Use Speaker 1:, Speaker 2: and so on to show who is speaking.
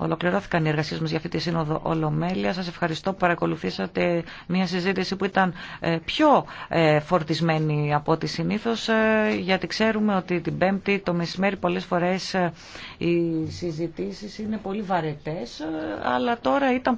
Speaker 1: Ολοκληρώθηκαν οι εργασίες μας για αυτή τη Σύνοδο Ολομέλεια. Σας ευχαριστώ που παρακολουθήσατε μια συζήτηση που ήταν ε, πιο ε, φορτισμένη από ό,τι συνήθως ε, γιατί ξέρουμε ότι την Πέμπτη το μεσημέρι πολλές φορές οι συζητήσεις είναι πολύ βαρετές αλλά τώρα ήταν πολύ